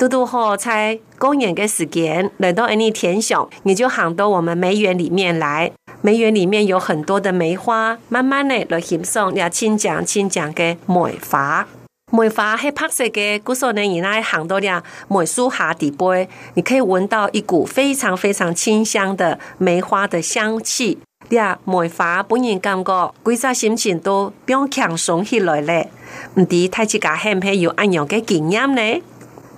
嘟嘟後在公演的時間，來到安尼天上你就行到我們梅園裏面來。梅園裏面有很多的梅花，慢慢的來欣賞呀，親丈親丈嘅梅花。梅花是、嗯、拍攝嘅，古時候以來行到咧，梅樹下底背，你可以聞到一股非常非常清香的梅花的香氣。呀，梅花本人感覺，規只心情都變輕鬆起來咧。唔知大家係唔係有按樣的經驗呢？